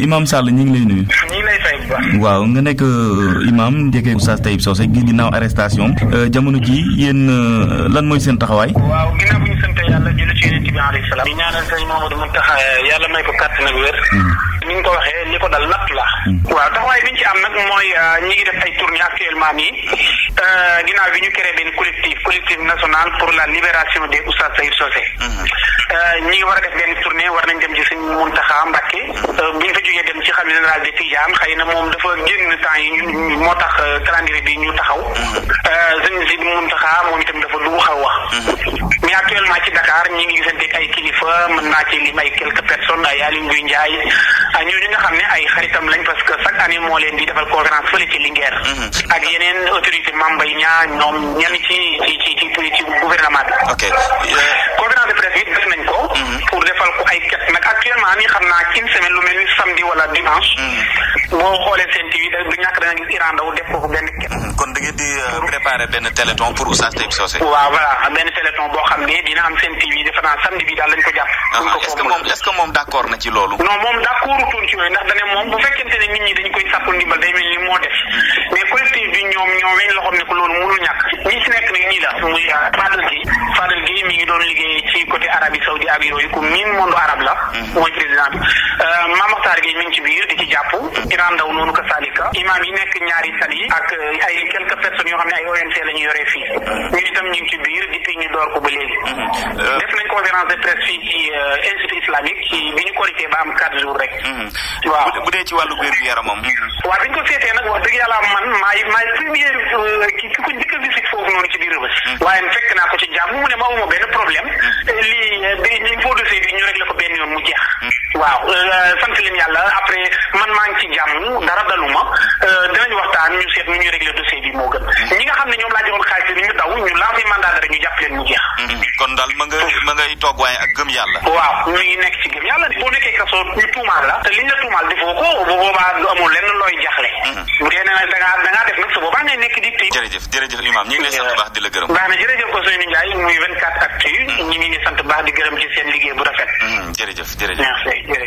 Imam Sall ñu ngi lay nuyu. ñu ngi lay fay bu baax. waaw nga nekk euh, Imam njëkkee Oustaz Taib Socé gi ginnaaw arrestation euh, jamono ji yéen euh, lan mooy seen taxawaay. waaw ginnaaw bu ñu sant yàlla julli ci yonent bi alayhi salaam. di ñaanal sëñ Mamadou Mountakha yàlla may ko kàttan ak wér. Hmm. ni nga ko waxee li ko dal natt la. Hmm. waaw taxawaay bi ñu ci am nag mooy euh, ñi ngi def ay tournée actuellement nii euh, ginnaaw bi ñu créé benn collectif collectif national pour la libération des oustaz Saïd Socé mhm. euh, ñi ngi war a def benn tournée war nañ dem ci sëñ Muntaxa Mbàkke bu ñu fa jógee dem ci xam général de Tidiane xëy na moom dafa génn temps yi ñu moo tax calendrier bi ñu taxaw sëñ si Muntaxa moom itam dafa lu xaw wax mhm. actuellement ci Dakar ñi ngi gisante ay kilifa mën naa ci lim ay nga xam ne ay xaritam lañ parce que chaque moo leen di defal conférence fële ci Linguère mhm. ak yeneen autorité membres ñaa ñoom ñenn ci ci ci ci ci gouvernement bi conférence de presse bi def nañ ko mhm. pour defal ko ay ket nag actuellement nii xam naa ci une semaine lu mel ni samedi wala dimanche mhm. boo xoolee seen TV da du ñàkk da Iran daw def ko benn ket di euh, préparer benn téléthon pour Oustaz Taib Socé. waaw voilà benn téléthon boo xam ne dina am seen TV defe naa bi daal lañ ko jàpp. Ah, est-ce que est moom d'accord na ci loolu. non moom d'accordutoon ci yooyu ndax ne moom bu fekkente ne nit ñi dañ koy sàkku ndimbal day mel ni moo def. Hmm. mais collectif bi ñoom ñoo loxoom ne ko loolu mënul ñàkk. ñi si nekk nag ñii la muy euh, Fadel Guèye Fadel arab yooyu ku miin monde arabe la mhm. mooy président bi euh, Mame Makhtar Gueye ci biir di ci jàpp Iran Ndaw noonu ka salika imam yi nekk ñaari tali ak euh, ay quelques personnes yoo xam ne ay ONC la ñu yoree fii mhm. ñu itam ñu ci biir depuis ñu door ko ba léegi mhm. euh. def nañ conférence de presse fii ci institut islamique ci bi ñu korité ba am quatre jours rek waaw bu dee ci wàllu wér-gu-yaramam waaw bi ñu ko seetee nag wax dëgg yàlla man maay maay premier Mm-hmm. waaye fekk naa ko ci jàmm mu ne ma amuma benn problème mm-hmm. lii bi foo dossier bi ñu réglé ko benn yoon mu jeex mm-hmm. waaw euh, sant leen yàlla après man maa ngi ci jàmm dara daluma euh, dinañ waxtaan ñu seet nu ñuy réglé dossier bi moo gën ñi nga xam ne ñoom laa joxoon xaalis bi ñu daw ñu lancé mandat dara ñu jàpp leen mu jeex kon daal ma nga ma ngay toog waaye ak gëm yàlla waaw ñu nekk ci gëm yàlla boo nekkee kaso ñu tuumaal la te liñ la tuumaal defoo ko bu boobaa du lenn looy jaxle mm-hmm. bu def nag su boobaa ngay nekk di tëj jërëjëf jërëjëf imam ñu ngi sant baax di la gërëm baax na jërëjëf Ousseynou Ndiaye muy 24 actu mm-hmm. ñu ngi sant baax di gërëm ci seen liggéey bu rafet mm-hmm, jërëjëf jërëjëf